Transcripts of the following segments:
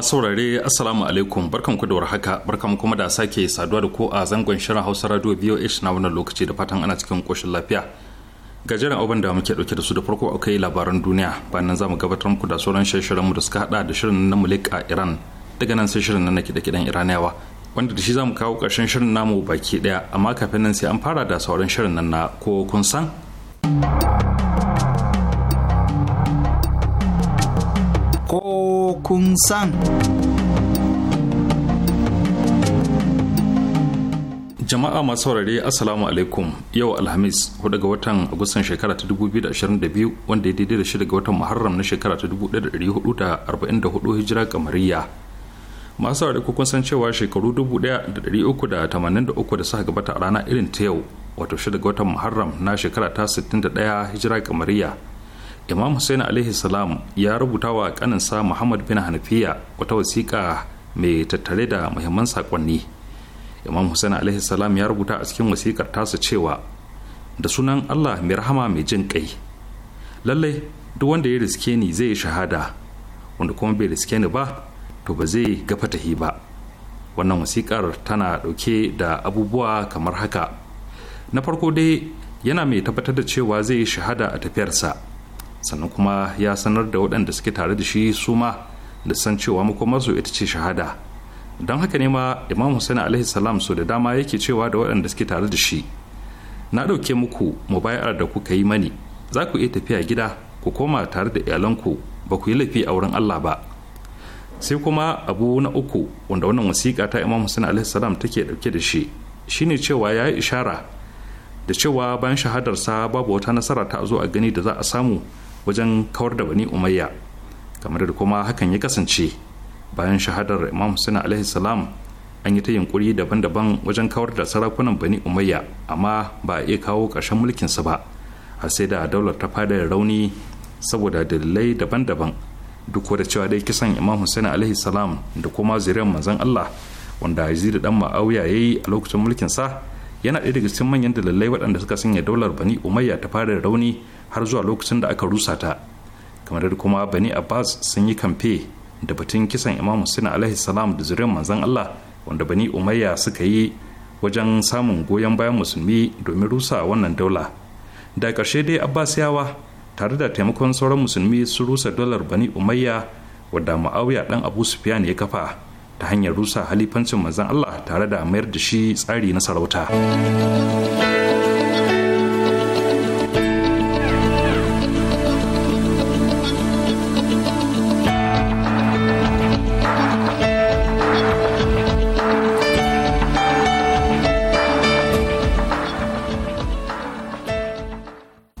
masu saurare assalamu alaikum barkan ku da haka barkan kuma da sake saduwa da ku a zangon shirin hausa radio voh na wannan lokaci da fatan ana cikin koshin lafiya gajeren abin da muke dauke da su da farko akwai labaran duniya bayan nan zamu gabatar muku da sauran shirin mu da suka hada da shirin na mulik a iran daga nan sai shirin na kiɗe kidan iraniyawa wanda da shi zamu kawo karshen shirin namu baki ɗaya amma kafin nan sai an fara da sauran shirin nan na ko kun san kun san. jama'a masu saurare assalamu alaikum yau alhamis 4 ga watan agustan shekara ta 2022 wanda ya daidai da shi daga watan muharram na shekara ta 1444 hijira kamariya masu saurare kukun san cewa shekaru 1383 da suka gabata a rana irin ta yau wato shi daga watan muharram na shekara ta 61 hijira kamariya imam hussein alaihi salam ya rubuta wa kaninsa muhammad bin hanafiya wata wasiƙa mai tattare da muhimman saƙonni imam hussein alaihi salam ya rubuta a cikin wasiƙar tasa cewa da sunan allah mai rahama mai jin kai lallai duk wanda ya riske ni zai shahada wanda kuma bai riske ni ba to ba zai ga fatahi ba wannan wasiƙar tana ɗauke da abubuwa kamar haka na farko dai yana mai tabbatar da cewa zai yi shahada a tafiyarsa sannan kuma ya sanar da waɗanda suke tare da shi su ma da san cewa makomarsu ita ce shahada don haka ne ma imam hussein alaihi salam so da dama yake cewa da waɗanda suke tare da shi na ɗauke muku mu bayar da kuka yi mani za ku iya tafiya gida ku koma tare da iyalanku ba ku yi laifi a wurin allah ba sai kuma abu na uku wanda wannan wasiƙa ta imam hussein alaihi salam take ɗauke da shi shine cewa ya yi ishara da cewa bayan shahadarsa babu wata nasara ta zo a gani da za a samu wajen kawar da bani umayya kamar da kuma hakan ya kasance bayan shahadar imam hussein alaihi salam an yi ta yunkuri daban-daban wajen kawar da sarakunan bani umayya amma ba a iya kawo ƙarshen sa ba har sai da daular ta fada rauni saboda dalilai daban-daban duk da cewa dai kisan imam hussein alaihi salam da kuma zuriyar manzon allah wanda yazid dan ma'auya yayi a lokacin mulkin sa yana ɗaya daga cikin manyan dalilai waɗanda suka sanya daular bani umayya ta fara rauni har zuwa lokacin da aka rusa ta kamar da kuma bani abbas sun yi kamfe da batun kisan imam husain alaihi salam da zuriyar manzon allah wanda bani umayya suka yi wajen samun goyon bayan musulmi domin rusa wannan daula da ƙarshe dai abbasiyawa tare da taimakon sauran musulmi sun rusa dolar bani umayya wadda ma'auya dan abu sufyan ya kafa ta hanyar rusa halifancin manzon allah tare da mayar da shi tsari na sarauta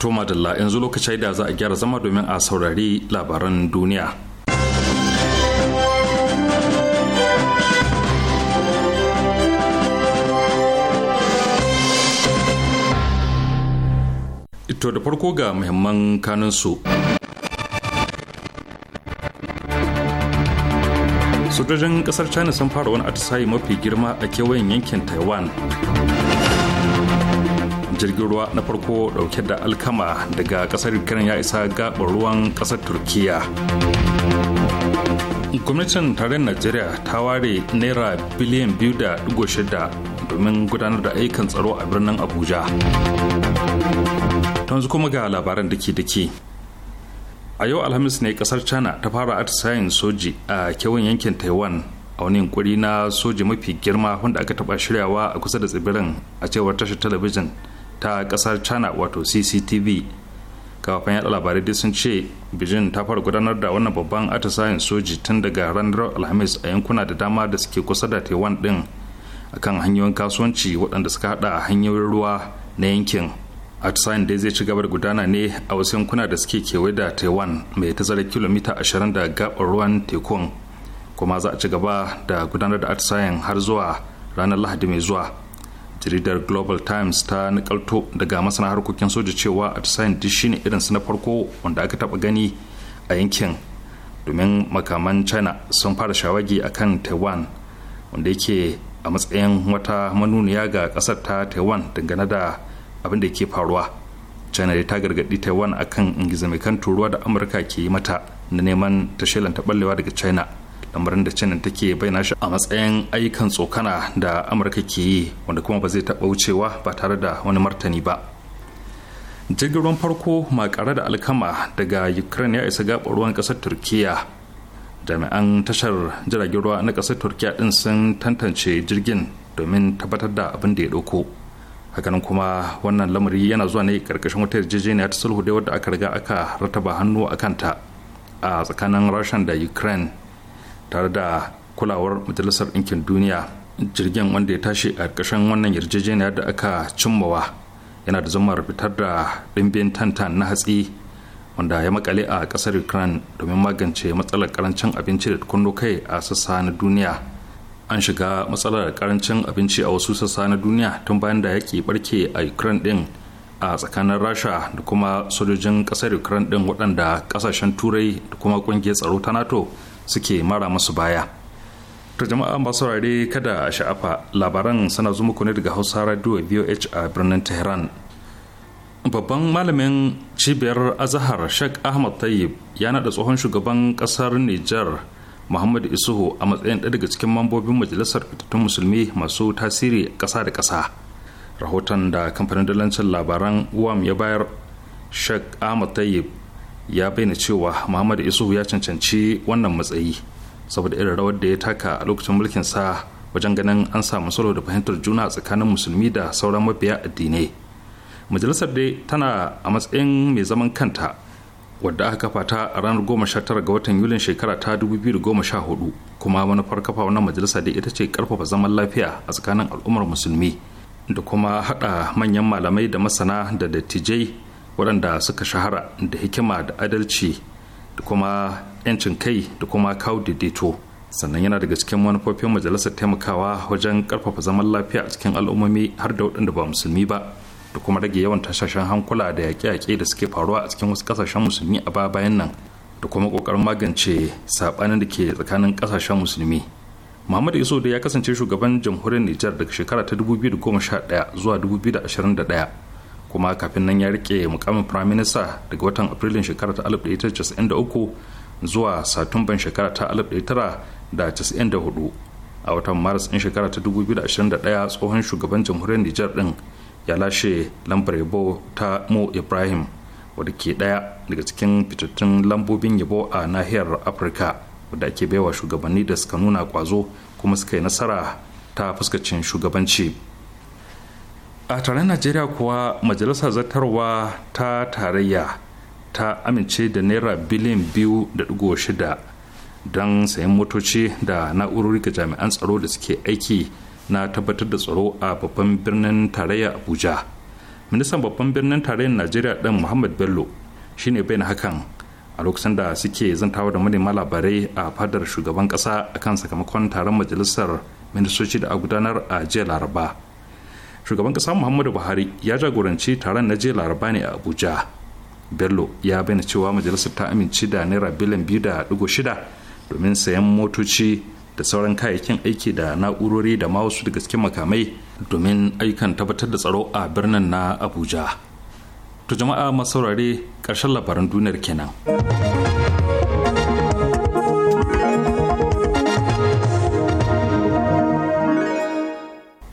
To Dalla yanzu lokacin da za a gyara zama domin a saurari labaran duniya. Ito da farko ga muhimman kanunsu. Sojojin kasar China sun fara wani atisayi mafi girma a kewayen yankin Taiwan. jirgin ruwa na farko dauke da alkama daga kasar ukraine ya isa gabar ruwan kasar turkiya gwamnatin tarayyar najeriya ta ware naira biliyan biyu da digo shida domin gudanar da ayyukan tsaro a birnin abuja yanzu kuma ga labaran dake-dake a yau alhamis ne kasar china ta fara atisayin soji a kewan yankin taiwan a wani yankuri na soji mafi girma wanda aka taba shiryawa a kusa da tsibirin a cewar tashar talabijin ta kasar china wato cctv kafin yada labarai dai sun ce beijing ta fara gudanar da wannan babban atisayen soji tun daga ranar alhamis a yankuna da dama da suke kusa da taiwan din akan hanyoyin kasuwanci waɗanda suka hada hanyoyin ruwa na yankin atisayen dai zai ci gaba da gudana ne a wasu yankuna da suke kewaye da taiwan mai tazarar kilomita ashirin da gabar ruwan tekun kuma za a ci gaba da gudanar da atisayen har zuwa ranar lahadi mai zuwa jaridar global times ta nikalto daga masana harkokin soja cewa atisayen duk shine irinsu na farko wanda aka taba gani a yankin domin makaman china sun fara shawagi akan taiwan wanda yake a matsayin wata manuniya ga kasar ta taiwan dangane da abin da ke faruwa china dai ta gargadi taiwan akan ingizamikan turuwa da amurka ke yi mata na neman ta ballewa daga china lamarin da canin take bayyana shi a matsayin ayyukan tsokana da amurka ke yi wanda kuma ba zai taɓa wucewa ba tare da wani martani ba jirgin ruwan farko makare da alkama daga ukraine ya isa gaɓar ruwan ƙasar turkiya jami'an tashar jiragen ruwa na ƙasar turkiya ɗin sun tantance jirgin domin tabbatar da abin da ya ɗauko hakanan kuma wannan lamari yana zuwa ne karkashin wata yarjejeniya ta sulhu da wadda aka riga aka rataba hannu a kanta a tsakanin rashan da ukraine tare da kulawar majalisar ɗinkin duniya jirgin wanda ya tashi a ƙarshen wannan yarjejeniyar da aka cimmawa yana da zama fitar da ɗimbin tantan na hatsi wanda ya makale a ƙasar ukraine domin magance matsalar karancin abinci da kunno kai a sassa na duniya an shiga matsalar karancin abinci a wasu sassa na duniya tun bayan da yaƙi barke a ukraine ɗin a tsakanin rasha da kuma sojojin ƙasar ukraine ɗin waɗanda ƙasashen turai da kuma ƙungiyar tsaro ta nato suke mara masu baya ta jama'a masu saurare kada a sha'afa labaran sana zuma ne daga hausa radio voh a birnin tehran babban malamin cibiyar azahar sheikh ahmad tayyib ya naɗa tsohon shugaban kasar nijar muhammad isuhu a matsayin ɗaya daga cikin mambobin majalisar fitattun musulmi masu tasiri ƙasa da ƙasa rahoton da kamfanin dalancin labaran uwam ya bayar sheikh ahmad tayyib ya bayyana cewa Muhammadu isuhu ya cancanci wannan matsayi saboda irin rawar da ya taka a lokacin mulkin sa wajen ganin an samu sulhu da fahimtar juna tsakanin musulmi da sauran mabiya addinai majalisar dai tana a matsayin mai zaman kanta wadda aka kafa ta a ranar 19 ga watan yulin shekara ta 2014 kuma manufar kafa wannan majalisa dai ita ce karfafa zaman lafiya a tsakanin al'ummar musulmi da kuma hada manyan malamai da masana da dattijai waɗanda suka shahara da hikima da adalci da kuma 'yancin kai da kuma kawo daidaito sannan yana daga cikin manufofin majalisar taimakawa wajen karfafa zaman lafiya a cikin al'ummomi har da waɗanda ba musulmi ba da kuma rage yawan tashashen hankula da yaƙe-yaƙe da suke faruwa a cikin wasu ƙasashen musulmi a baya bayan nan da kuma ƙoƙarin magance saɓanin da ke tsakanin ƙasashen musulmi muhammadu iso da ya kasance shugaban jamhuriyar nijar daga shekara ta 2011 zuwa 2021 kuma kafin nan ya rike mukamin firaminista daga watan afrilun shekara ta 1993 zuwa satumban shekara ta 1994 a watan maris ɗin shekara ta 2021 tsohon shugaban jamhuriyar nijar ɗin ya lashe lambar yabo ta mo ibrahim wadda ke ɗaya daga cikin fitattun lambobin yabo a nahiyar afirka wadda ake baiwa shugabanni da suka nuna kwazo kuma suka yi nasara ta fuskacin shugabanci a tare najeriya kuwa majalisar zartarwa ta tarayya ta amince da naira biliyan biyu da digo shida don sayan motoci da na'urori ga jami'an tsaro da suke aiki na tabbatar da tsaro a babban birnin tarayya abuja ministan babban birnin tarayyar najeriya ɗan muhammad bello shine na hakan a lokacin da suke zantawa da manema labarai a fadar shugaban ƙasa akan sakamakon taron majalisar ministoci da a gudanar a jiya laraba shugaban ƙasa muhammadu buhari ya jagoranci taron na jiya laraba ne a abuja bello ya bayyana cewa majalisar ta amince da naira biliyan biyu da digo shida domin sayan motoci da sauran kayayyakin aiki da na'urori da ma wasu daga cikin makamai domin aikan tabbatar da tsaro a birnin na abuja to jama'a masaurare ƙarshen labaran duniyar kenan.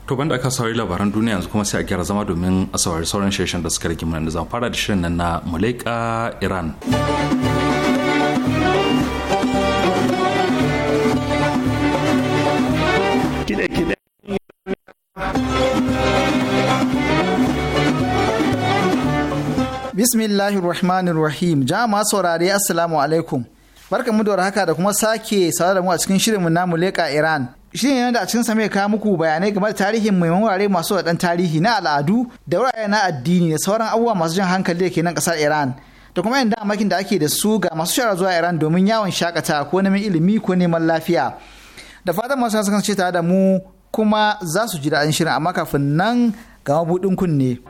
to banda ka saurari labaran duniya yanzu kuma sai a gyara zama domin a saurari sauran shirin da suka rage mana da zama fara da shirin nan na Muleka Iran. Bismillahir Rahmanir Rahim. Jama'a saurare Assalamu alaikum. Barka da haka da kuma sake saurari mu a cikin shirinmu na Muleka Iran. shi ne da a cikin same kawo muku bayanai game da tarihin mai wurare masu da tarihi na al'adu da wurare na addini da sauran abubuwa masu jan hankali da ke nan kasar Iran. Da kuma yin damakin da ake da su ga masu shara zuwa Iran domin yawon shakata ko neman ilimi ko neman lafiya. Da fatan masu sukan ce tare da mu kuma za su ji daɗin shirin amma kafin nan ga mabuɗin kunne.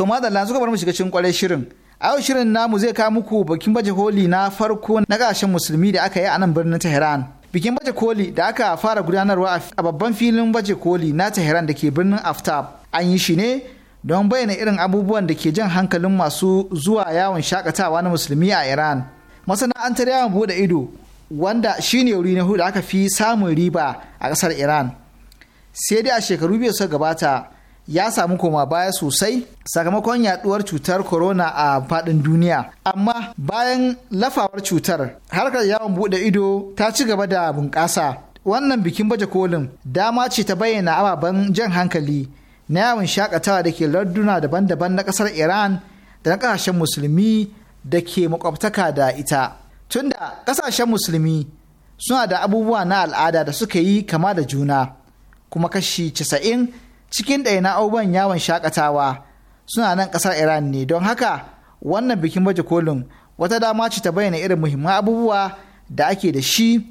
To madalla suka bar mu shiga cikin kwarai shirin. A yau shirin namu zai kawo muku bikin baje koli na farko na gashin musulmi da aka yi a nan birnin Tehran. Bikin baje koli da aka fara gudanarwa a babban filin baje koli na Tehran da ke birnin Aftab. An yi shi ne don bayyana irin abubuwan da ke jan hankalin masu zuwa yawon shakatawa na musulmi a Iran. Masana'antar yawon bude ido wanda shine wuri na da aka fi samun riba a ƙasar Iran. Sai dai a shekaru biyu suka gabata ya samu koma baya sosai sakamakon yaduwar cutar corona a faɗin duniya amma bayan lafawar cutar harkar yawon bude ido ta ci gaba da bunƙasa wannan bikin baje kolin dama ce ta bayyana ababen jan hankali na yawon shakatawa da ke larduna daban-daban na ƙasar iran da na ƙasashen musulmi da ke makwabtaka da ita tunda ƙasashen musulmi suna da abubuwa na al'ada da suka yi kama da juna kuma kashi casa'in cikin ɗaya na abubuwan yawon shakatawa suna nan ƙasar iran ne don haka wannan bikin baje kolin wata dama ce ta bayyana irin muhimman abubuwa da ake da shi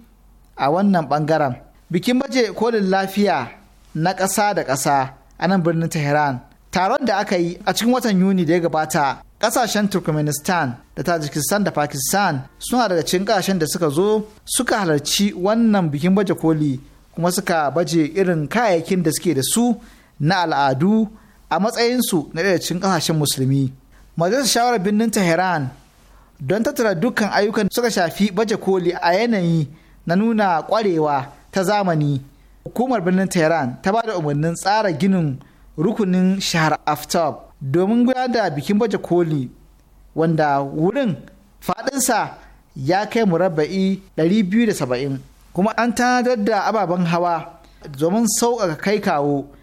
a wannan ɓangaren bikin baje kolin lafiya na ƙasa da ƙasa a nan birnin tehran taron da aka yi a cikin watan yuni da ya gabata ƙasashen turkmenistan da tajikistan da pakistan suna daga cikin ƙasashen da suka zo suka halarci wannan bikin baje koli kuma suka baje irin kayayyakin da suke da su na al'adu a matsayinsu na ɗaya cikin ƙasashen musulmi. Majalisar shawarar birnin Tehran don tattara dukkan ayyukan suka shafi baje koli a yanayi na nuna ƙwarewa ta zamani. Hukumar birnin Tehran ta ba da umarnin tsara ginin rukunin shahar Aftab domin gudanar da bikin baje koli wanda wurin faɗinsa ya kai murabba'i 270 kuma an tanadar da ababen hawa domin sauƙaƙa kai kawo.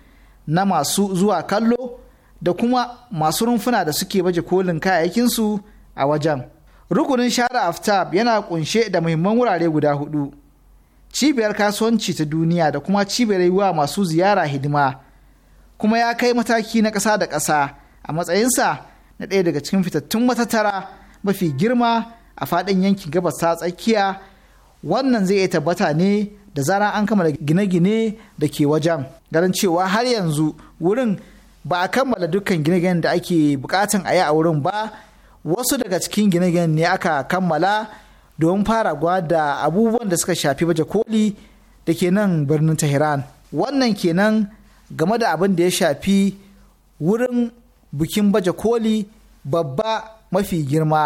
na masu zuwa kallo da kuma masu rumfuna da suke baje kolin kayayyakinsu a wajen. Rukunin share aftab yana kunshe da muhimman wurare guda hudu. Cibiyar kasuwanci ta duniya da kuma cibiyar wa masu ziyara hidima, kuma ya kai mataki na ƙasa da ƙasa a matsayinsa na ɗaya daga cikin fitattun matattara mafi girma a faɗin yankin gabas ta tsakiya wannan zai iya tabbata ne da zara an kammala gine-gine da ke wajen ganin cewa har yanzu wurin ba a kammala dukkan gine-ginen da ake bukatan a yi a wurin ba wasu daga cikin gine gine ne aka kammala domin fara da abubuwan da suka shafi baje koli da ke nan birnin tehran wannan kenan game da abin da ya shafi wurin bikin baje koli babba mafi girma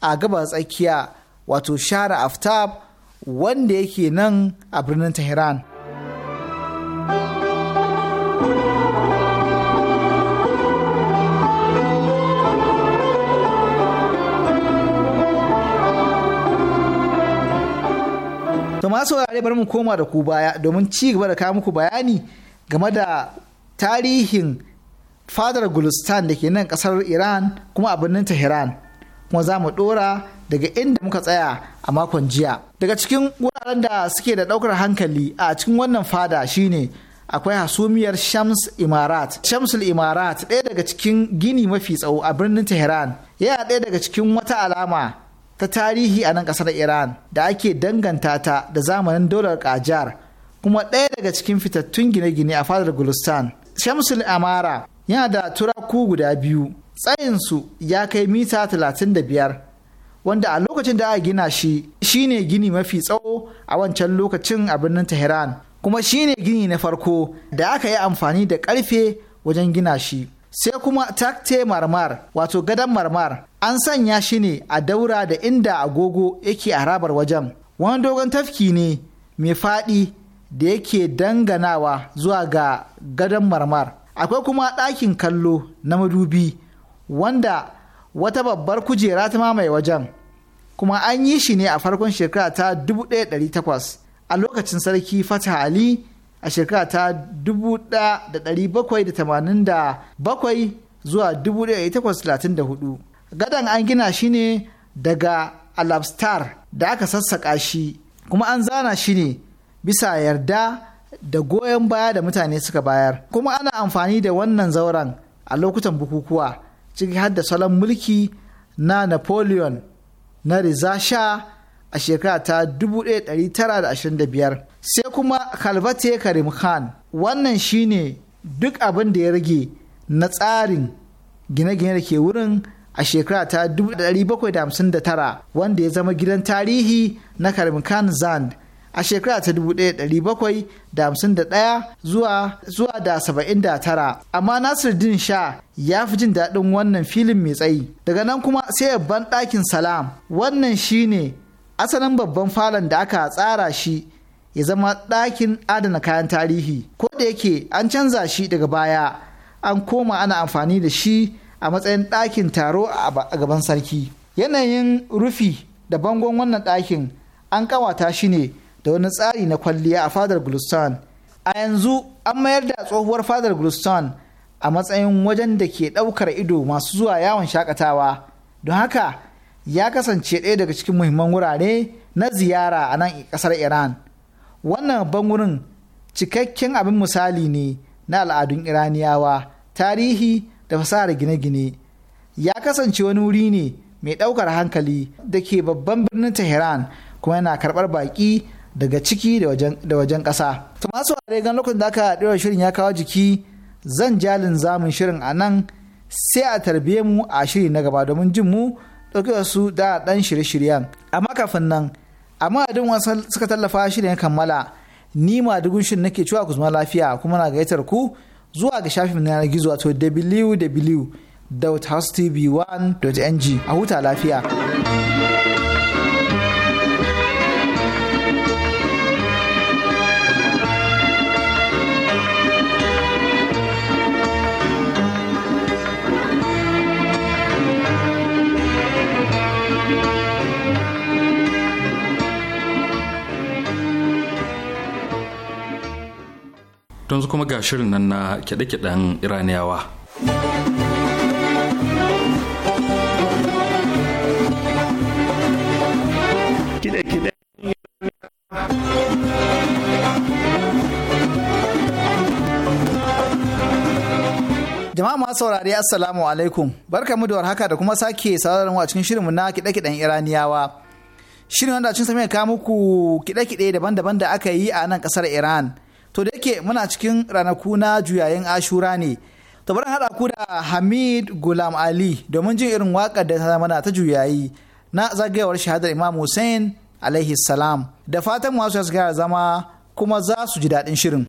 a gabas tsakiya wato shara aftab wanda yake nan a birnin Tehran. To masu saurare bari mu koma da ku baya domin ci gaba da kawo muku bayani game da tarihin fadar Gulistan da ke nan kasar Iran kuma a birnin Tehran. Kuma za mu dora daga inda muka tsaya a makon jiya. Daga cikin wuraren da suke da ɗaukar hankali a cikin wannan fada shine akwai hasumiyar Shams Imarat. Shamsul Imarat ɗaya daga cikin gini mafi tsawo a birnin Tehran yana ɗaya daga cikin wata alama ta tarihi a nan ƙasar Iran da ake danganta ta da zamanin dolar Kajar kuma ɗaya daga cikin fitattun gine-gine a fadar Gulistan. Shamsul Imarat yana da turaku guda biyu tsayinsu ya kai mita 35 wanda a lokacin da aka gina shi shine gini mafi tsawo a wancan lokacin a birnin Tehran kuma shine gini na farko da aka yi amfani da karfe wajen gina shi sai kuma takte marmar wato gadon marmar an sanya shi ne a daura da inda agogo yake a harabar wajen wani dogon tafki ne mai faɗi da yake danganawa zuwa ga gadon marmar akwai kuma ɗakin kallo na madubi wanda wata babbar kujera ta mamaye wajen kuma an yi shi ne a farkon shekara ta 1800 a lokacin sarki fata ali a shekara ta 1787 zuwa 1834 gadon an gina shi ne daga alabstar da aka sassaƙa shi kuma an zana shi ne bisa yarda da goyon baya da mutane suka bayar kuma ana amfani da wannan zauren a lokutan bukukuwa ciki hadda salon mulki na napoleon na rizasha a shekara ta 1925 sai kuma kalvate karim khan wannan shine duk abin da ya rage na tsarin gine-gine da ke wurin a shekara ta 1759 wanda ya zama gidan tarihi na karim khan zand a shekara ta 1751 zuwa zuwa da 79 amma din Sha ya fi jin daɗin wannan filin mai tsayi daga nan kuma sai babban ɗakin salam wannan shine asalin babban falon da aka tsara shi ya zama ɗakin adana kayan tarihi ko da yake an canza shi daga baya an koma ana amfani da shi a matsayin ɗakin taro a gaban sarki yanayin rufi da bangon wannan ɗakin an ƙawata shi ne da wani tsari na kwalliya a fadar Gulistan. A yanzu an mayar da tsohuwar fadar Gulistan a matsayin wajen da ke ɗaukar ido masu zuwa yawon shakatawa. Don haka ya kasance ɗaya daga cikin muhimman wurare na ziyara a nan ƙasar Iran. Wannan babban wurin cikakken abin misali ne na al'adun Iraniyawa, tarihi da fasahar gine-gine. Ya kasance wani wuri ne mai ɗaukar hankali da ke babban birnin Tehran kuma yana karɓar baƙi daga ciki da wajen ƙasa. To masu ware gan lokacin da aka ɗora shirin ya kawo jiki zan jalin zamun shirin a nan sai a tarbiye mu a shiri na gaba domin jin mu ɗauke su da ɗan shirye-shiryen. Amma kafin nan, amma adin wasu suka tallafa shirin ya kammala ni ma dugun shirin nake cewa ku zama lafiya kuma na gaitar ku zuwa ga shafin na yanar gizo wato www.housetv1.ng a huta lafiya. don su kuma ga shirin nan na kyaɗe-kyaɗen iraniyawa jama'a masu saurari assalamu alaikum barkamu da warhaka da kuma sake sauraron a cikin shirinmu na kiɗe-kiɗen iraniyawa shirin wanda cin sami kawo muku kiɗe-kiɗe daban-daban da aka yi a nan kasar iran to da yake muna cikin ranaku na juyayen ashura ne to bari haɗa ku da hamid gulam ali domin jin irin waƙar da ta mana ta juyayi na zagayewar shahadar imam hussein alaihi salam da fatan masu gara zama kuma za su ji daɗin shirin.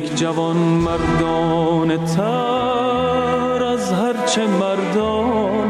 اینک جوان مردان تر از هرچه مردان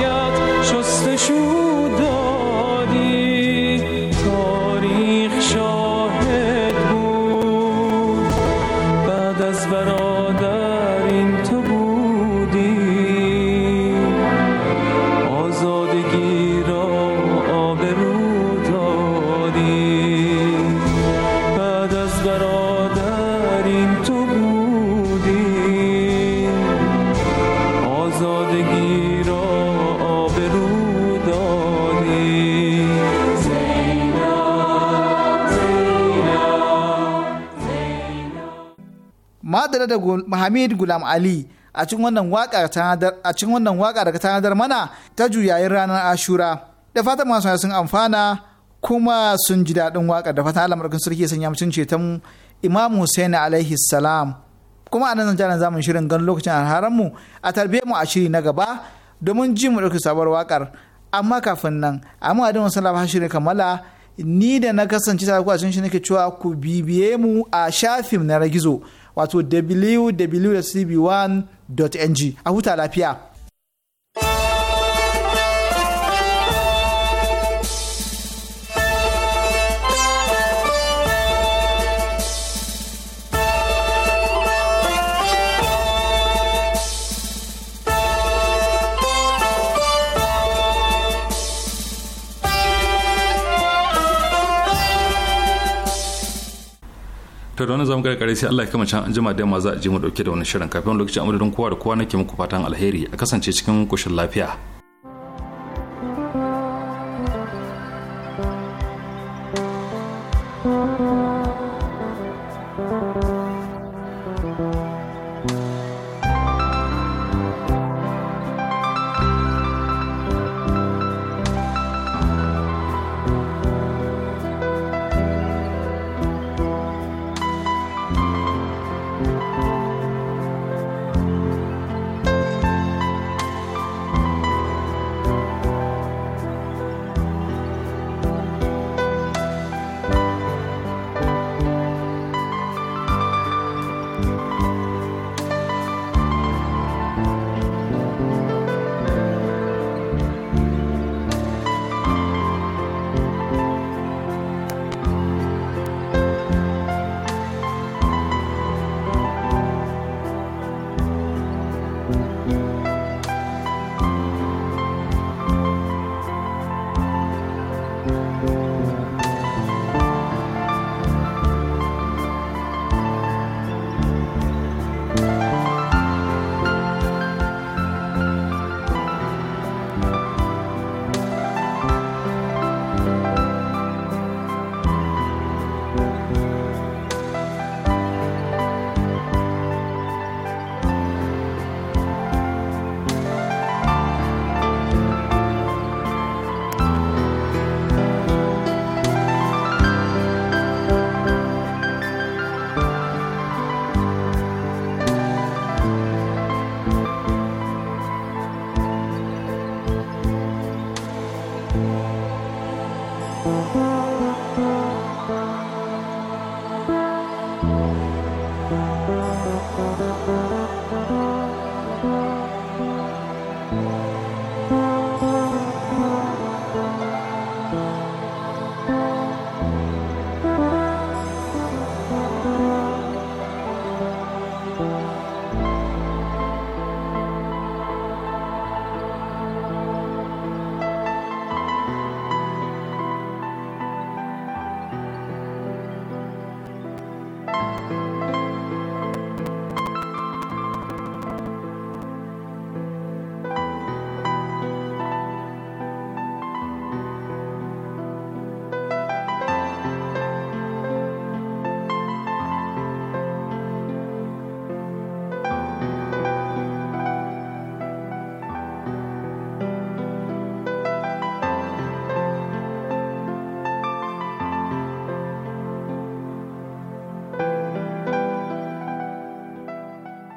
باید tare da Muhammad Gulam Ali a cikin wannan waka a cikin wannan waka daga tanadar mana ta juyayin ranar Ashura. Da fatan masu sun amfana kuma sun ji daɗin waka da fatan Allah sarki sanya mutun ceton Imam Hussein alaihi salam. Kuma a nan zan zamun shirin gan lokacin alharan mu a tarbe mu a shiri na gaba domin ji mu ɗauki sabuwar wakar amma kafin nan amma da wasu labar shirin kammala ni da na kasance tare a cikin shi nake cewa ku bibiye mu a shafin na ragizo. wato www.cb1.ng a huta lafiya. to da wani zamu karkare sai Allah ya kama can anjima da yamma za a ji mu dauke da wani shirin kafin lokacin amadadin kowa da kowa nake muku fatan alheri a kasance cikin koshin lafiya